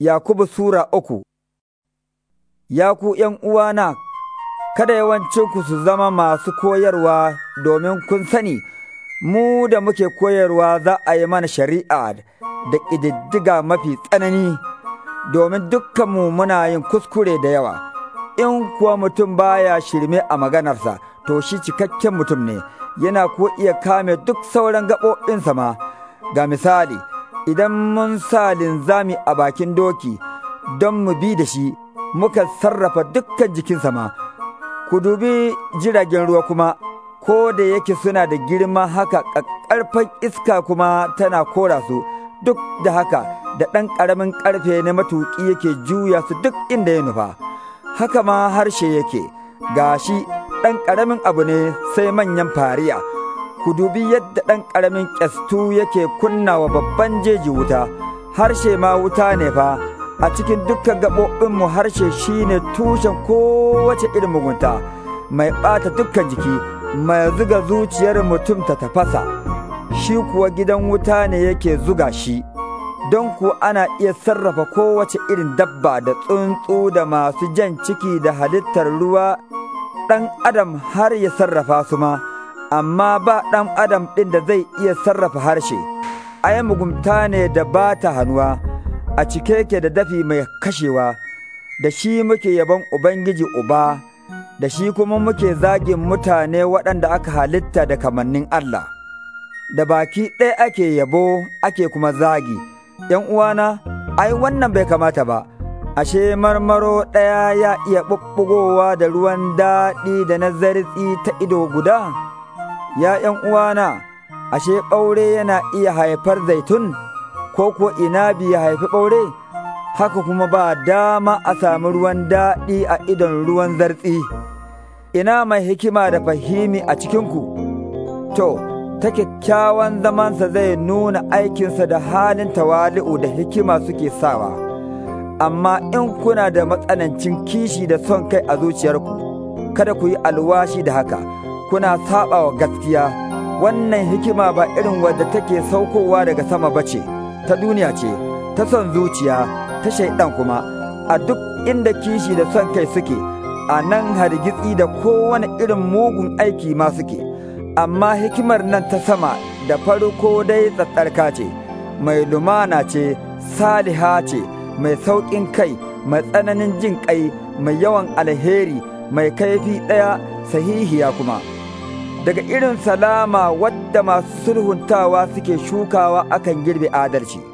Yakubu Sura uku Ya ku uwana, kada yawancinku su zama masu koyarwa domin kun sani, mu da muke koyarwa za a yi mana shari'a da ƙididdiga mafi tsanani, domin dukkanmu muna yin kuskure da yawa. In kuwa mutum baya shirme a maganarsa, to shi cikakken mutum ne, yana ko iya kame duk sauran gaɓoɓinsa ma. Ga misali, idan mun sa linzami a bakin doki don mu bi da shi muka sarrafa dukkan jikinsa ma, ku dubi jiragen ruwa kuma, ko da yake suna da girma haka ƙarfan iska kuma tana kora su, duk da haka da ɗan ƙaramin ƙarfe na matuƙi yake juya su duk inda ya nufa. Haka ma harshe yake, ga shi ɗan ƙaramin abu ne sai manyan fariya. ku dubi yadda ɗan ƙaramin ƙyastu yake kunna wa babban jeji wuta, harshe ma wuta ne fa, a cikin dukkan gaɓoɓinmu harshe shi ne tushen kowace irin mugunta, mai ɓata dukkan jiki, mai zuga zuciyar mutum ta tafasa, shi kuwa gidan wuta ne yake zuga shi. Don ku ana iya sarrafa kowace irin dabba da tsuntsu da masu jan ciki da halittar ruwa ɗan adam har ya sarrafa su ma. amma ba ɗan adam ɗin da zai iya sarrafa harshe, ai mugunta ne da ba ta hannuwa, a cike ke da dafi mai kashewa, da shi muke yabon Ubangiji Uba, da shi kuma muke zagin mutane waɗanda aka halitta da kamannin Allah. Da baki ɗaya ake yabo ake kuma zagi, ‘yan uwana, ai wannan bai kamata ba, ashe marmaro ɗaya ya iya ɓuɓɓugowa da ruwan daɗi da na zartsi ta ido guda?’ ya ’yan uwana, ashe ɓaure yana iya haifar zaitun, ko kuwa Ina ya haifi ɓaure, haka kuma ba dama a sami ruwan daɗi a idon ruwan zartsi. Ina mai hikima da fahimi a cikinku, to, ta kyakkyawan zamansa zai nuna aikinsa da halin tawali'u da hikima suke sawa, amma in kuna da matsanancin kishi da son kai a zuciyarku. kada ku yi alwashi da haka, kuna saɓa wa gaskiya, wannan hikima ba irin wadda take saukowa daga sama ba ce, ta duniya ce, ta son zuciya, ta shaiɗan kuma, a duk inda kishi da son kai suke, a nan hargitsi da kowane irin mugun aiki ma suke, amma hikimar nan ta sama da farko dai tsattsarka ce, mai lumana ce, saliha ce, mai sauƙin kai, mai tsananin jin kai, mai yawan alheri. mai kaifi ɗaya sahihiya kuma. Daga irin salama wadda masu sulhuntawa suke shukawa akan girbe adalci.